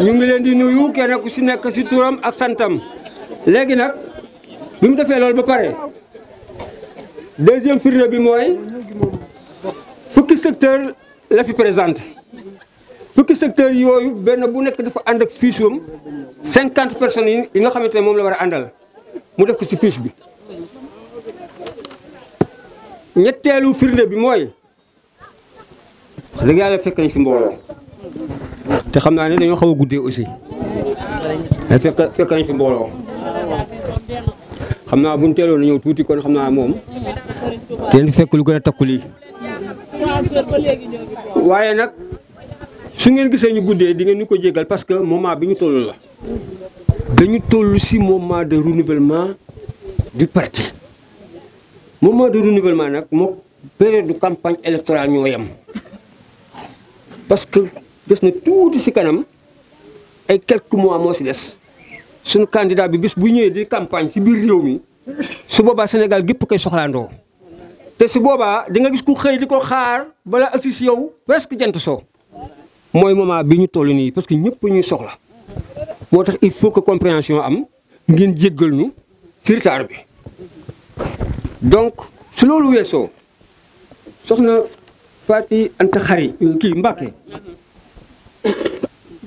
ñu ngi leen di nuyu kenn ku si nekk si turam ak santam léegi nag bi mu defee loolu ba pare deuxième firnde bi mooy fukki secteur la fi présenté fukki secteur yooyu benn bu nekk dafa ànd ak fiche am cinquante personnes yi nga xamante ne moom la war a àndal mu def ko si fiche bi ñetteelu firnde bi mooy dëgg yàlla fekk nañ si mbooloo te xam naa ne dañoo xam a guddee aussi fekk fekk nañ fi mbooloo xam naa buñ teeloon na ñëw tuuti kon xam naa moom kenn fekk lu gën a takku lii waaye nag su ngeen gisee ñu guddee di ngeen ñu ko jégal parce que moment bi ñu toll la dañu tollu si moment de renouvellement du parti moment de renouvellement nag moo période de campagne électorale ñoo yem parce que des na tuuti si kanam ay quelques mois moo si des suñu candidat bi bis bu ñëwee di campagne ci biir réew mi su boobaa Sénégal gépp koy soxlaandoo te su boobaa di nga gis ku xëy di ko xaar balaa agsi si yow presque jant soo mooy moment bi ñu toll nii parce que ñëpp ñuy soxla moo tax il faut que compréhension am ngeen jéggal ñu ci retard bi donc su loolu weesoo soxna Faty Anta Xari kii Mbàkke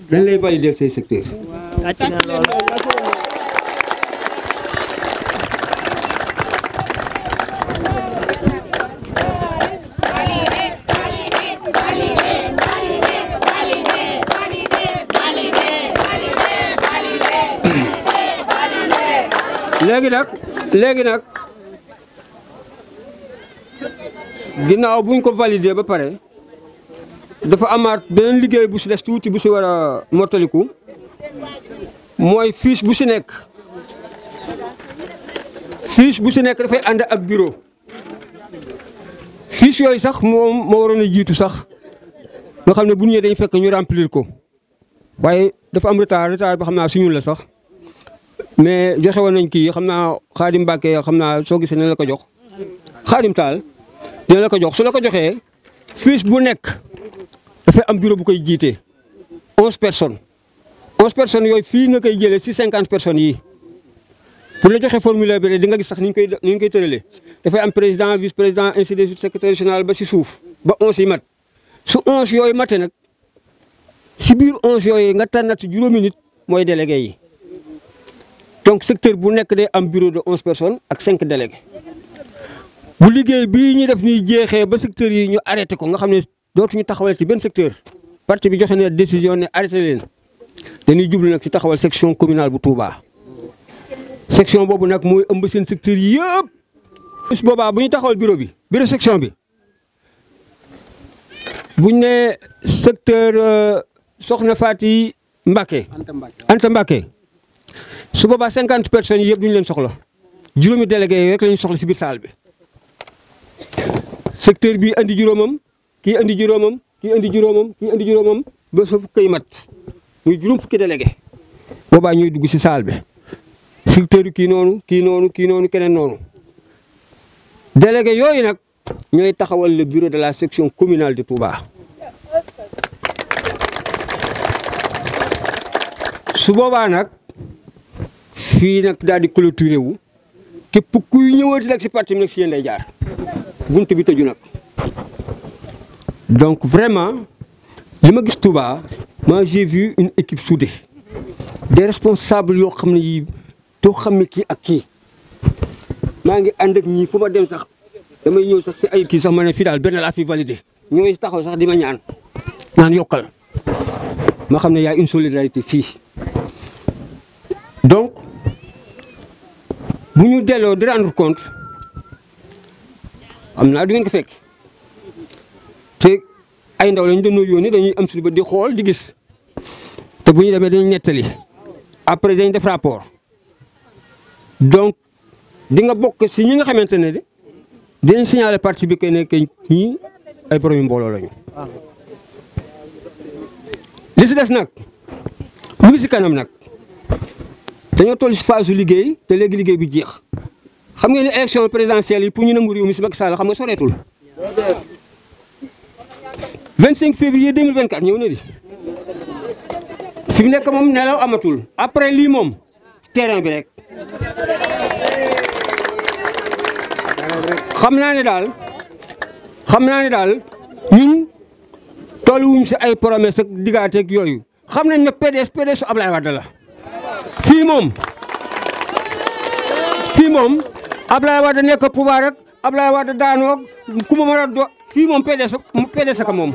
dañ lay valider say secteur léegi nag léegi nag ginnaaw buñ ko valider ba pare dafa amaat beneen liggéey bu si des tuuti bu si war a mottaliku mooy fiche bu si nekk fiche bu si nekk dafay ànd ak bureau fiche yooyu sax moom moo waroon a jiitu sax nga xam ne bu ñu ñëwee fekk ñu remplir ko waaye dafa am retard retard bi xam naa suñu la sax mais joxe woon nañ kii xam naa Xaadim Mbàkke xam naa soo gis ne la ko jox Xaadim Taal dina la ko jox su la ko joxee fiche bu nekk. dafay am bureau bu koy jiite onze personne onze personnes yooyu fii nga koy jëlee si cinquante personnes yi pour la joxe formulaire bi rek di nga gis sax ni ñu koy ni ñu koy tëralee dafay am président vice président ainsi de suite secrétaire général ba si suuf ba onze yi mat su onze yooyu mate nag si biir onze yooyu nga tànnat juróomi nit mooy délégué yi donc secteur bu nekk day am bureau de onze personne ak cinq délégués bu liggéey bi ñuy def ñuy jeexee ba secteur yi ñu arrêté ko nga xam ne dootuñu taxawal ci benn secteur parti bi joxe na décision ne arrêté leen dañuy jublu nag ci taxawal section communale bu Touba. section boobu nag mooy ëmb seen secteur yëpp. su boobaa bu ñu taxawal bureau bi bureau section bi buñ ne secteur euh, Soxna Faati Mbacke. Anta Mbacke su boobaa cinquante personnes yëpp duñ leen soxla juróomi délégué rek lañu soxla si biir saal bi secteur bi andi juróomam. kii andi juróomam kii andi juróomam kii juróomam ba sa fukk mat muy juróom fukki délégué boobaa ñuy dugg si saal bi secteur kii noonu kii noonu kii noonu keneen noonu délégué yooyu nag ñooy taxawal le bureau de la section communale de Touba. su boobaa nag fii nag daal di clôturer wu képp kuy ñëwaati nag si parti mi nag fii yéen day jaar bunt bi tëju nag. donc vraiment li ma gis Touba ma j'ai vu une équipe soudée des responsables yoo xam ne yii doo xam ne kii ak kii maa ngi ànd ak ñii fu ma dem sax damay ñëw sax si ay kii sax ma ne fii daal benn laa fi validé ñooy taxaw sax di ma ñaan naan yokkal ma xam ne y a une solidarité fii donc bu ñu delloo di rendre compte am naa du ngeen ko fekk. te ay ndaw lañu yoon yi dañuy am suñu bët di xool di gis te bu ñu demee dañu nettali après dañ def rapport donc di nga bokk si ñi nga xamante ne dinañ signaler parti bi que ne que ñii ay problème mbooloo lañu. li si des nag mu ngi si kanam nag dañoo toll si phase su liggéey te léegi liggéey bi jeex xam nga ne élection présidentielle yi pour ñu nangu réew mi si Macky Sall xam nga soreetul. 25 février 2024 ñëw na di fi mu nekk moom nelaw amatul après lii moom terrain bi rek xam naa ne daal xam naa ne daal ñun tolluwuñ si ay promesse ak digganteeg yooyu xam nañ ne PDS PDS su Ablaye Wade la fii moom fii moom Ablaye Wade nekk pouvoir rek Ablaye Wade daanoo ku ma mën a fii moom PDS PDS ak moom.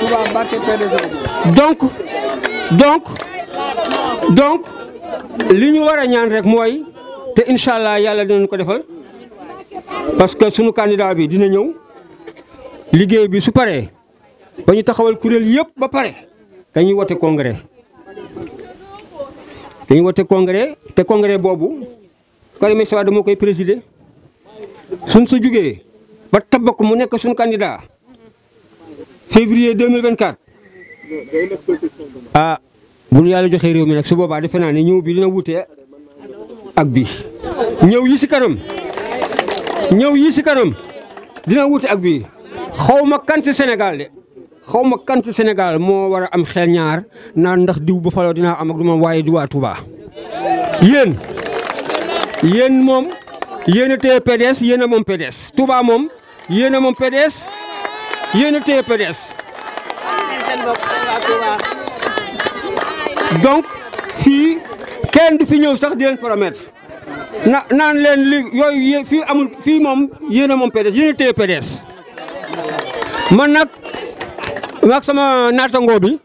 Touba Mbacké donc donc donc li ñu war a ñaan rek mooy te incha allah yàlla dinañ ko defal parce que sunu candidat bi dina ñëw liggéey bi su paree ba ñu taxawal kuréel yëpp ba pare dañuy wote congrès dañuy wote congrès te congrès boobu Karim Meïssa Wade moo koy présider suñ sa jógee ba tabb ko mu nekk suñu candidat février 2024 ah bu ñu yàlla joxe réew mi nag si boobaa defe naa ne ñëw bi dina wute ak bi ñëw yi si kanam ñëw yi si kanam dina wute ak bii xaw ma kant Sénégal de xaw ma kant senegal moo war a am xel ñaar naan ndax diw bu faloo dinaa am ak du ma waaye di waa Touba yéen yéen moom. yéen a téye PDS yéen a moom PDS Touba moom yéen a moom PDS yéen a téye donc fii kenn du fi ñëw sax di leen promettre na naan leen li yooyu fii amul fii moom yéen a moom PDS yéen a téye man nag maag sama naatangoo bi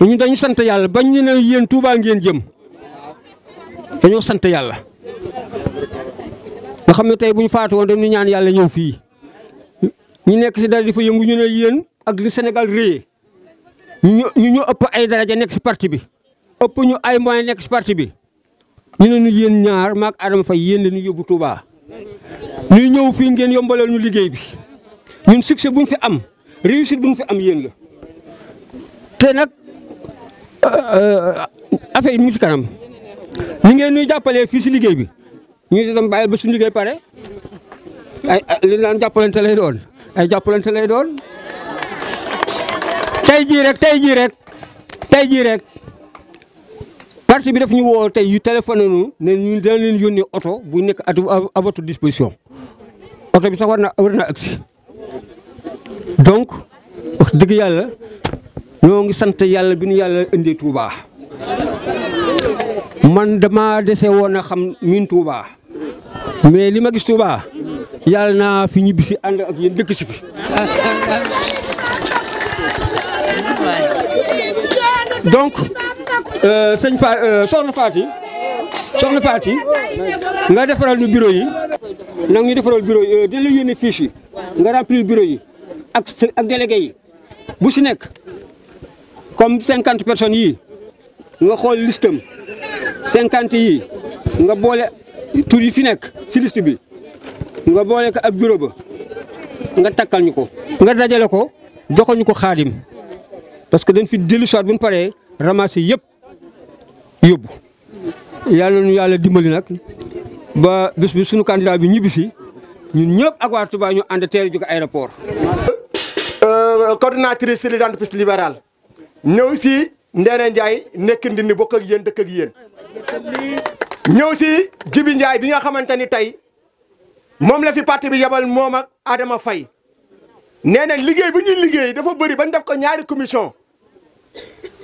ñu dañu sant yàlla bañ ñu yéen Touba ngeen jëm dañoo sant yàlla. nga xam ne tey bu ñu faatu woon dañu ñaan yàlla ñëw fii ñu nekk si dara di fa yëngu ñu ne yéen ak li Sénégal réyee ñu ñu ëpp ay daraja nekk si parti bi ëpp ñu ay moyen nekk si parti bi ñu ne ñu yéen ñaar maak Adama Faye yéen la ñu yóbbu Touba. ñuy ñëw fii ngeen yombalal ñu liggéey bi ñun succès bu ñu fi am réussite bu mu fi am yéen te nag euh, euh, affaire yi mu ngi si kanam ni ngeen ñuy jàppalee fii si liggéey bi. ñu itam bàyyil ba suñu liggéey pare ay li naan jàppalante lay doon ay jàppalante lay doon tey jii rek tey jii rek tey jii rek parti bi daf ñu woo tey yu téléphoné nu ne ñu dana leen oto bu nekk à votre disposition oto bi sax war na war na donc wax dëgg yàlla ñoo ngi sant yàlla bi ñu yàlla indee Touba man dama dese woon a xam miin Touba mais li ma gis Touba yàlla naa fi ñibbisi si ak yéen dëkk si fi. donc euh, sëñ Fa euh, soxna Faati soxna Faati nga defaral ñu bureau yi na ñu defaral bureau yi euh, dina la yónnee fiche yi nga remplir bureau yi ak ak délégué bu si nekk comme cinquante personnes yi nga xool listam cinquante yi nga boole tur yi fi nekk ci liste bi nga boole ko ak bureau nga takkal ñu ko. nga dajale ko joxoon ko xaadim parce que dañ fi dellu soit bu mu paree ramasser yëpp yóbbu yàlla nu yàlla dimbali nag ba bis bi sunu candidat bi ñibbisi ñun ñëpp ak waa Touba ñu ànd teel a jóg aéroport. Euh, coordinatrice de l'entreprise libérale ñëw si Ndeye Ndiaye nekk ndindi bokk ak yéen dëkk ak yéen. ñëw si Jibi Ndiaye bi nga xamante ni tey moom la fi parti bi yabal moom ak Adama fay nee na liggéey bu ñu liggéey dafa bëri bañ def ko ñaari commission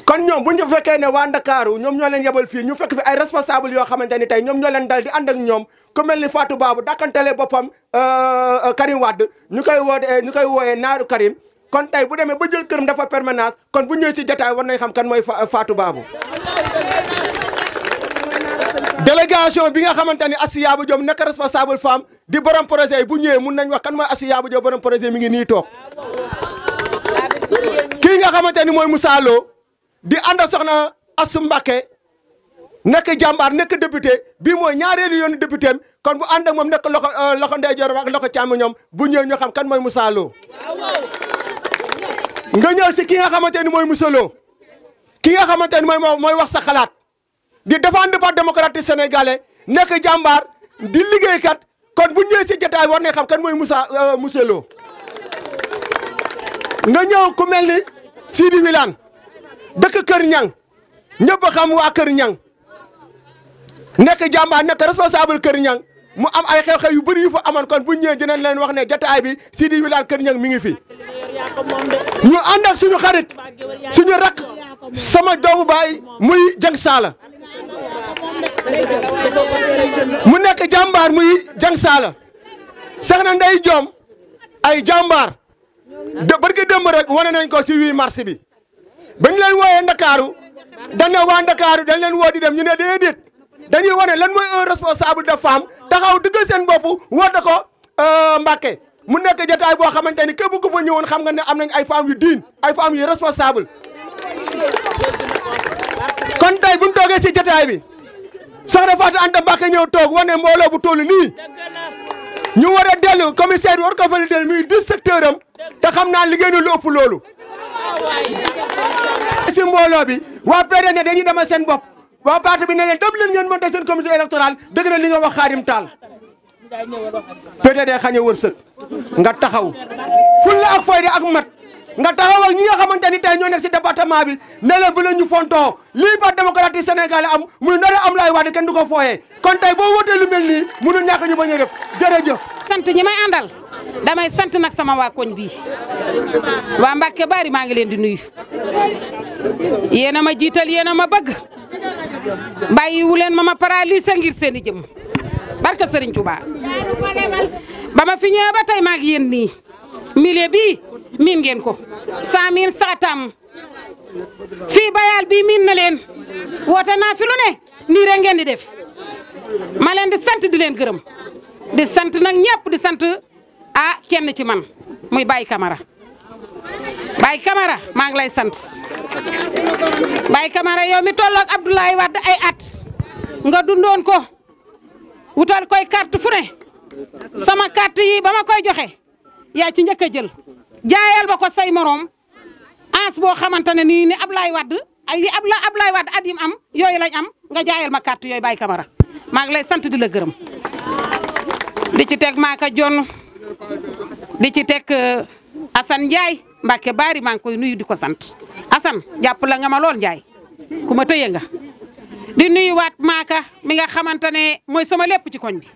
kon ñoom bu ñu fekkee ne waa Ndakaaru ñoom ñoo leen yabal fii ñu fekk fi ay responsable yoo xamante ni tey ñoom ñoo leen dal di ànd ñoom ko mel ni baabu Babou dakkantalee boppam euh, euh, Karim Wade ñu koy woo eh, ñu koy wooyee naaru Karim kon tey bu demee ba jël këram dafa permanence kon bu ñëwee si jotaay war nañ xam kan mooy Fatou Babou délégation bi nga xamante ni Astou Yaba Diop nekk responsable femme di borom projet bu ñëwee mun nañ wax kan mooy Astou Yaba Diop borom projet mi ngi nii toog kii nga xamante ni mooy Moussa Lo di ànd ak soxna Astou Mbacké nekk jàmbaar nekk député bii mooy ñaareelu yoonu député am kon bu ànd ak moom nekk loxo euh, loxo ndeyjoor ak loxo càmmoñam bu ñëwee ñu xam kan mooy Moussa nga ñëw si ki nga xamante ni mooy Moussa ki nga xamante ni mooy mooy wax sa xalaat. di défendre parti démocratique sénégalais nekk jàmbaar di liggéeykat kon bu ñëwee si jotaay war ne xam kan mooy Moussa euh, monsieur Lo nga ñëw ku mel ni Sidi Wilane dëkk Kër Ñang ñëpp xam waa Kër Ñang nekk jàmbaar nekk responsable Kër Ñang mu am ay xew-xew yu bëri yu fa amoon kon bu ñëwee dinañ leen wax ne jotaay bi Sidi Wilane Kër Ñang mi ngi fi ñu ànd ak suñu xarit suñu rakk sama doomu baay muy Jeng Saala mu nekk jàmbaar muy jang saala sax na nday joom ay jàmbaar de barki rek wane nañ ko si 8 mars bi ba ñu leen wooyee Ndakaaru dañ ne waa Ndakaaru dañ leen woo di dem ñu ne déedéet dañuy wane lan mooy un responsable de femme taxaw dëggal seen bopp woote ko euh, Mbàkke mu nekk jotaay boo xamante ni képp ku fa ñëwoon xam nga ne am nañ ay femmes yu diin ay femmes yu responsable kon tey bu ñu toogee si jotaay bi soxna Fatou Anta Mbacke ñëw toog wane mbooloo bu toll nii ñu war a dellu commissaire war ko fa dellu muy dix secteur am te xam naa liggéey na lu ëpp si mbooloo bi waa PDS ne dañuy demal seen bopp waa parti bi ne leen dem leen ngeen monté seen commission électorale dëgg na li nga wax Xaadim Taal PDS xañe wërsëg nga taxaw fulla ak fayda ak mat. nga taxawal ñi nga xamante ni tey ñoo si département bi ne leen bu ñu fontoo lii ba démocratie sénégalais am muy nar a am laay wax kenn du ko fooyee kon tey boo wootee lu mel nii mënul ñàkk ñu bañ a def jërëjëf. sant ñi may àndal damay sant nag sama waa koñ bii waa Mbàkke bari maa ngi leen di nuyu yéen a ma jiital yéen a ma bëgg bàyyiwu leen ma ma paralysé ngir seen i jëm barka Serigne Touba ba ma fi ñëwee ba tey maa ngi nii milieu bii. miin ngeen ko saamir saatam fii bayal bii miin na leen woote naa fi lu ne nii rek ngeen di def ma leen di sant di leen gërëm di sant nag ñëpp di sant ah kenn ci man muy bay kamara bay Camara maa ngi lay sant Baye Camara yow mi tolloog Abdoulaye Wade ay at nga dundoon ko wutal koy carte fu ne sama carte yi ba ma koy joxe yaa ci njëkk a jël jaayal ba ko say moroom ans boo xamante ne nii ni Ablaye Wade ay ab la Ablaye Wade at yim am yooyu lañ am nga jaayal ma carte yooyu Baye Camara maa ngi lay sant di la gërëm di ci teg maaka jon di ci teg euh, Assane Ndiaye Mbacke Bari maa ngi koy nuyu di ko sant Assane jàpp la nga ma lool Ndiaye ku ma tëye nga di nuyuwaat maaka mi nga xamante ne mooy sama lepp ci koñ bi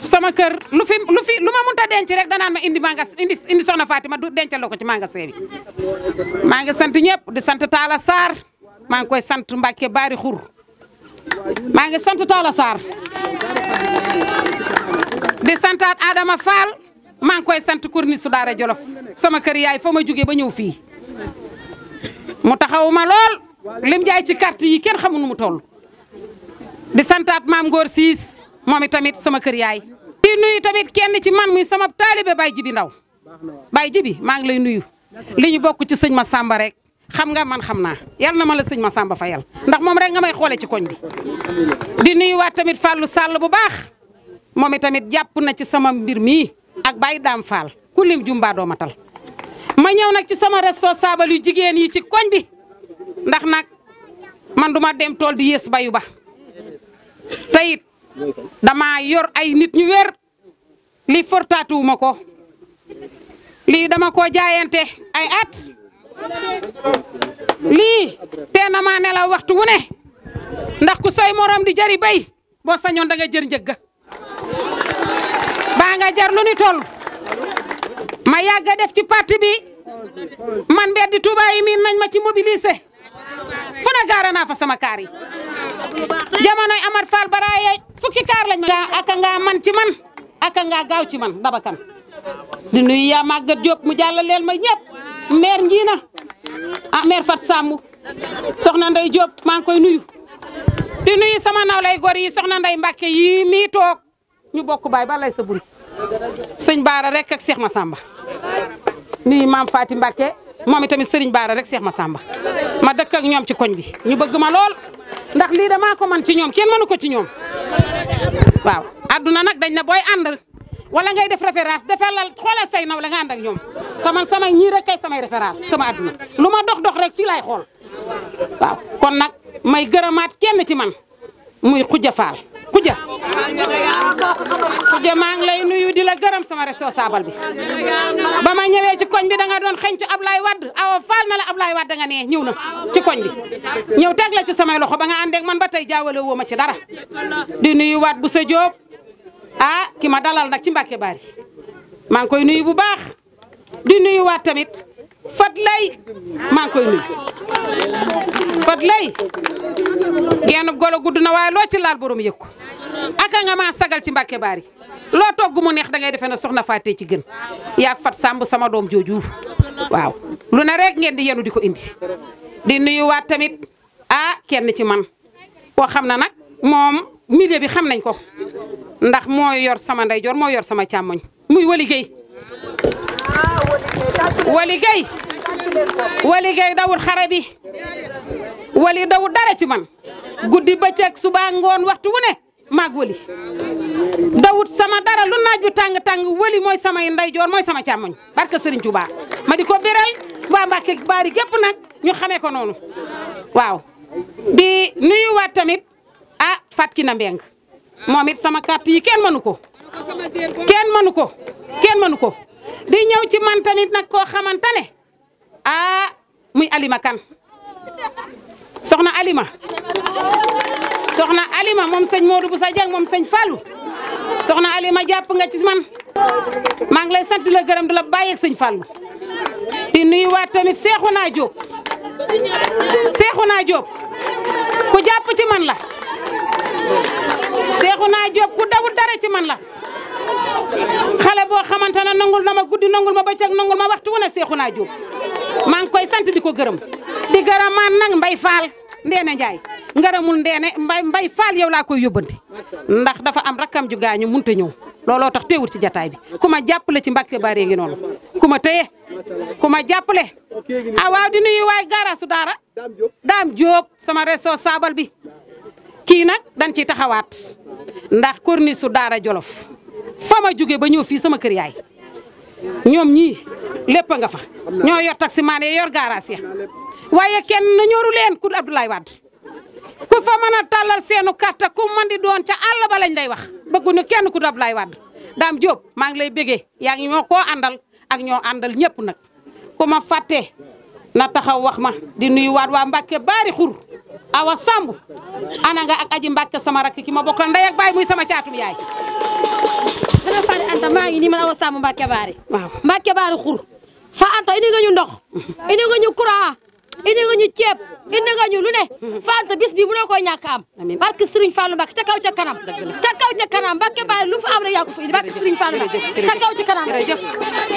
sama kër lu fi lu fi lu ma mënta denc rek danaan ma indi manga indi indi soxna Fatima du dencal la ko ci magasin bi maa ngi sant ñëpp di sant Talla Sarr maa ngi koy sant Mbacke Bari Xur maa ngi sant Talla Sarr di santaat Adama Fall maa ngi koy sant Kourniss Daara Jolof sama kër yaay fa ma jógee ba ñëw fii mu taxawu ma lool lim jaay ci carte yi kenn xamu nu mu toll di santaat maam Ngor moom itamit sama kër yaay. di nuyu tamit kenn ci man muy sama taalibe bay Jibi Ndaw Baye Jibi maa ngi lay nuyu li ñu bokk ci sëñ ma sàmba rek xam nga man xam naa yal na ma la sëñ ma Massamba fayal ndax moom rek nga may xoolee ci koñ bi. di nuyu waat tamit Fallou Sall bu baax moom itamit jàpp na ci sama mbir mii ak bay daam Fall ku lim jumbaadoo matal ma ñëw nag ci sama responsable yu jigéen yi ci koñ bi ndax nag man duma dem tool di yées bayu ba tayit dama yor ay nit ñu wér li fortaatuwuma ko lii dama ko jaayante ay at lii tee na ma nelaw waxtu wu ne ndax ku say morom di jari bay boo sañoon da nga jër njëg ga baa nga jar lu ni toll ma yàgg def ci parti bi man mbedd di Touba miin ma ci mobiliser fu na gaara naa fa sama kaar yi jamonoy Amar Fall Baraye fukki kaar lañ ma aka ngaa man ci man aka ngaa ci man daba kan di nuyu yaa Maguette Diop mu jàllaleel ma ñëpp maire njiina ah maire Fat Samb soxna Ndey Diop maa ngi koy nuyu di nuyu sama naw lay gor yi soxna Ndey Mbàkke yi mii toog ñu bokk baay ba lay sa buri sëñ Baara rek ak Cheikh Massamba nuyu maam Faati Mbàkke moom itamit sëriñ Baara rek seex ma Massamba ma dëkk ak ñoom ci koñ bi ñu bëgg ma lool ndax lii damaa ko man ci ñoom kenn mënu ko ci ñoom waaw adduna nag dañ na booy ànd wala ngay def référence defalal xoolal say naw la nga ànd ak ñoom te man samay ñii rek kay samay référence sama adduna lu ma dox dox rek fii lay xool waaw kon nag may gërëmaat kenn ci man muy Khoudia Fall Koudia ja maa ngi lay nuyu di la gërëm sama responsable bi ba ma ñëwee ci koñ bi da nga doon xëñcu Ablaye Wade awa faal na la Ablaye Wade nga ne ñëw na ci koñ bi ñëw teg la ci samay loxo ba nga ànd man ba tey jaawale woo ma ci dara di nuyu waat bu sa Diop ah ki ma dalal nag ci mbake Bari maa koy nuyu bu baax di nuyu waat tamit. fat lay maa ngi koy nuyu fat lay genn golo gudd na waaye loo ci laal borom yëg ko aka nga maa sagal ci mbàkke baar yi loo togg mu neex dangay ngay defee ne soxna Faté ci gën yaa fat sàmb sama doom jooju waaw lu ne rek ngeen di yenu di ko indi di nuyuwaat tamit ah kenn ci man koo xam na nag moom milieu bi xam nañ ko ndax moo yor sama ndeyjoor moo yor sama càmmoñ muy wali géey wali gay wali xare bi wali dawul dara ci man guddi bëccëg suba ngoon waxtu wu ne maag wali dawut sama dara lu naaj bu tàng tàng wali mooy samay ndeyjoor mooy sama càmmoñ barke Serigne Touba ma di ko beral waa Mbàkke baari nag ñu xamee ko noonu waaw di nuyuwaat tamit ah Fatou Kiné Mbengue moom it sama carte kenn mënu ko kenn mënu kenn mënu ko di ñëw ci man tamit nag koo xamante ne ah, muy Alima Kan soxna Alima soxna Alima moom sëñ Modou bu sa jàng moom sëñ Fallou soxna Alima jàpp nga ci man maa ngi lay sant di la gërëm di la bàyyeeg sëñ Fallou di nuyuwaat tamit Seexuna Jóob naa joob ku jàpp ci man la Seexuna Jóob ku dawul dara ci man la. xale boo xamante ne nangul na ma guddi nangul ma bëccëg nangul ma waxtu wu ne Seexuna Jóob maa ngi koy sant di ko gërëm di gërëm maan nag Mbay Faal Ndeene Njaay ngërëmul Ndeene Mbay Mbay Faal yow laa koy yóbbanti ndax dafa am rakkam ju gaañu munta ñëw looloo tax teewul ci jataay bi ku ma jàppale ci Mbàkke Bari ngi noonu ku ma téye ku ma jàppale ah waaw di nuyu waay gaaraasu daara Daam Jóob sama saabal bi kii nag dañ ciy taxawaat ndax corniche su daara Jolof fa ma jóge ba ñëw fii sama kër yaay ñoom ñii lépp a nga fa ñoo yor taximaan ya yor garage ya waaye kenn ñoru leen ku Abdoulaye Wade ku fa mën a tàllal seenu carte ku mën di doon ca àll ba lañ lay wax bëgguñu kenn ku Abdoulaye Wade Dame Diop maa ngi lay bëggee yaa ngi ñoo koo àndal ak ñoo àndal ñëpp nag ku ma fàttee na taxaw wax ma di nuyu waat waa Mbacke baari xur awa Samb ana nga ak aji Mbacke sama rakk ki ma bokkal ak baay muy sama caatum yaay ndax maa ngi nii man Awa Samb Mbacke Baari waaw Mbacke Baari xur fa anta indi nga ñu ndox mm-hmm. indi nga ñu courant indi nga ñu ceeb indi nga ñu lu ne mm-hmm. fa anta bis bi mënoo koy ñàkk am barke Serigne Fallou Mbacke ca kaw ca kanam ca kaw ca kanam Mbacke Baari lu fa am rek yaa ko fa indi barke Serigne Fallou Mbacke ca kaw ca kanam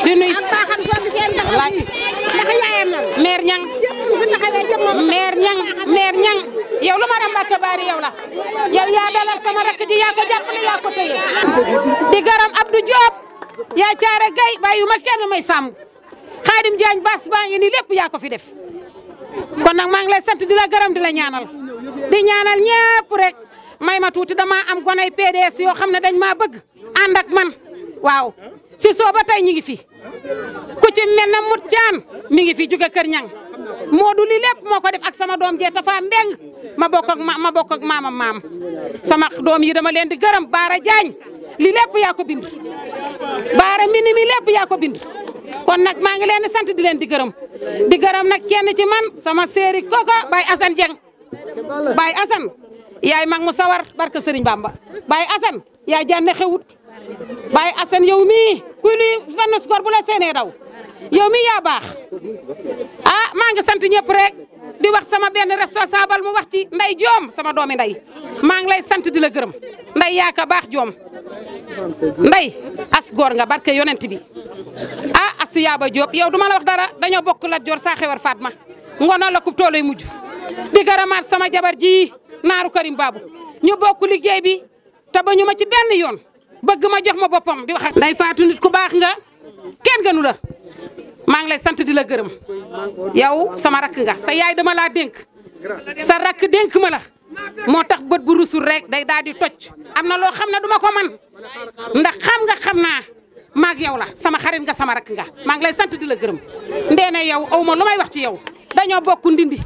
di nuyu am baaxam soo gisee ndax yaayam na maire maire ñang maire ñang yow lu ma ram Mbacke Bari yow la yow yaa dalal sama rakk ji yaa ko jàppale yaa ko di garam Abdou Diop yaa caare gay bàyyu ma kenn may sàmm Khadim Diagne Bass baa ngi ni lépp fi def kon nag maa ngi lay sant di la garam di la ñaanal di ñaanal ñëpp rek may ma tuuti dama am gonay PDS yoo xam ne dañ maa bëgg ànd man waaw si sooba tey ñi ngi fi ku ci mel na mut caan mi ngi fi jóge kër ñang Moodu li lépp moo ko def ak sama doom jee tafa mbeng ma bokk ak ma bokk ak maama maam sama doom yi dama leen di gërëm Baara Jaañ li lépp yaa ko bind Baara mini mi lépp yaa ko bind kon nag maa ngi leen di sant di leen di gërëm di gërëm nag kenn ci man sama séeri koko Baye Assane Dieng Baye Assane yaay mag mu sawar barke Serigne Bamba Baye Assane yaay janne xewut Baye Assane yow mii kuy luy fenn góor bu la seenee daw yow yaa baax a ah, maa ngi sant ñëpp rek di wax sama benn saabal mu wax ci nday joom sama doomi nday maa ngi lay sant di la gërëm nday yaa ka baax joom nday as góor nga barke yonent bi ah as yaaba Diop yow duma la wax dara dañoo bokk la joor saa xewar Fatma ngona la kub tooloy mujj di gërëmaat sama jabar ji naaru Karim Babou ñu bokk liggéey bi te ba ñu ma ci benn yoon. bëgg ma jox ma boppam di wax ak nday faatu nit ku baax nga kenn gënu la maa ngi lay sant di la gërëm yow sama rakk nga sa yaay dama laa dénk sa rakk dénk ma la moo tax bët bu rusul rek day daal di toj am na loo xam na duma ko man ndax xam nga xam naa maag yow la sama xarit nga sama rakk nga maa ngi lay sant di la gërëm ndeena yow aw ma lu may wax ci yow dañoo bokk ndindi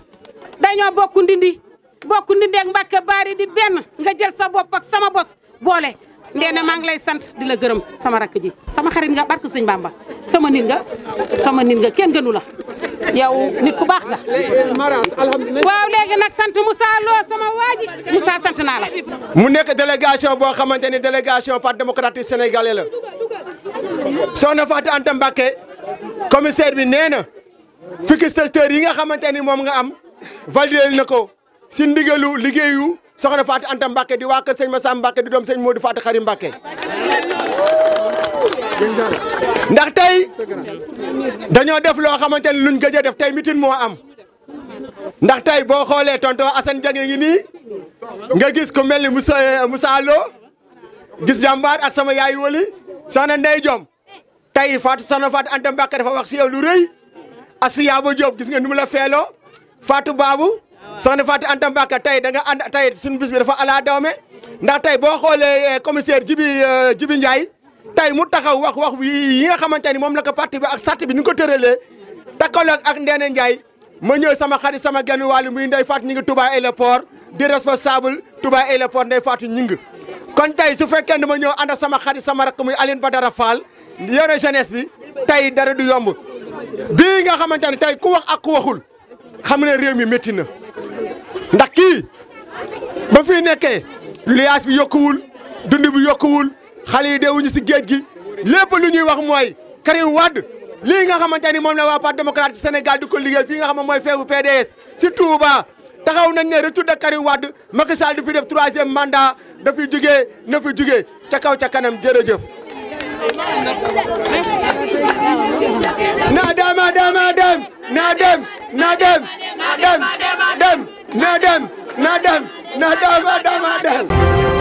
dañoo bokk ndindi bokk ndindi ak mbàkke baari di benn nga jël sa bopp ak sama bos boole Ndéné maa ngi lay sant di la gërëm sama rakk sama xarit nga barke sëñ Bamba sama nit nga sama nit kenn gënu la yow nit ku baax nga. waaw léegi nag sant Moussa Lo sama waa ji sant naa la. mu nekk délégation boo xamante ni délégation parti démocratique sénégalais la soxna Fatou Anta Mbacké commissaire bi nee na fukki secteurs yi nga xamante ni moom nga am validé na ko si ndigalu liggéeyu. soxna Faati Anta Mbacke di waa kër ma Massa Mbacke di doom sëñ Modou Faati Xari Mbacke ndax tey dañoo def loo xamante ni luñ gëj a def tey mitin moo am ndax tey boo xoolee tonton Assane Diagne ngi nii nga gis ku mel ni Moussa Moussa Lo gis jàmbaar ak sama yaay wali soxna Ndey Jom tey Fatou soxna Fatou Anta Mbacke dafa wax si yow lu rëy Asiya Ba Diop gis nga nu mu la feeloo ne Fatou Anta Mbaka tey da nga ànd tey suñu bis bi dafa ala dawme ndax tey boo xoolee eh, commissaire Jibi eh, Jibi Ndiaye tey mu taxaw wax wax yi nga xamante ni moom la ko parti bi ak sart bi ni ko tëralee takkaloog ak Ndene Ndiaye ma ñëw sama xarit sama genn wàll muy Ndeye Fatou ñu ngi Touba aéroport di responsable Touba aéroport Ndeye Fatou ñu ngi kon tey su fekkee ne ma ñëw ànd sama xarit sama rakk muy Aline Badara Fall yore jeunesse bi tey dara du yomb bii nga xamante ne tey ku wax ak waxul xam ne réew mi métti na. ndax kii ba fii nekkee luyaas bi yokkuwul dund bi yokkuwul xale yi deewuñu si geej gi lépp lu ñuy wax mooy Karim Wade lii nga xamante ni moom la waa Parti démocratique senegal di ko liggéey fi nga xam mooy feebu PDS si Touba taxaw nañ ne retour da Karim Wade Macky Sall di fi def troisième mandat dafiy jugee na fi jugee ca kaw ca kanam jërëjëf. na dem na dem na dem na dem dem dem. na dem na dem na dem na dem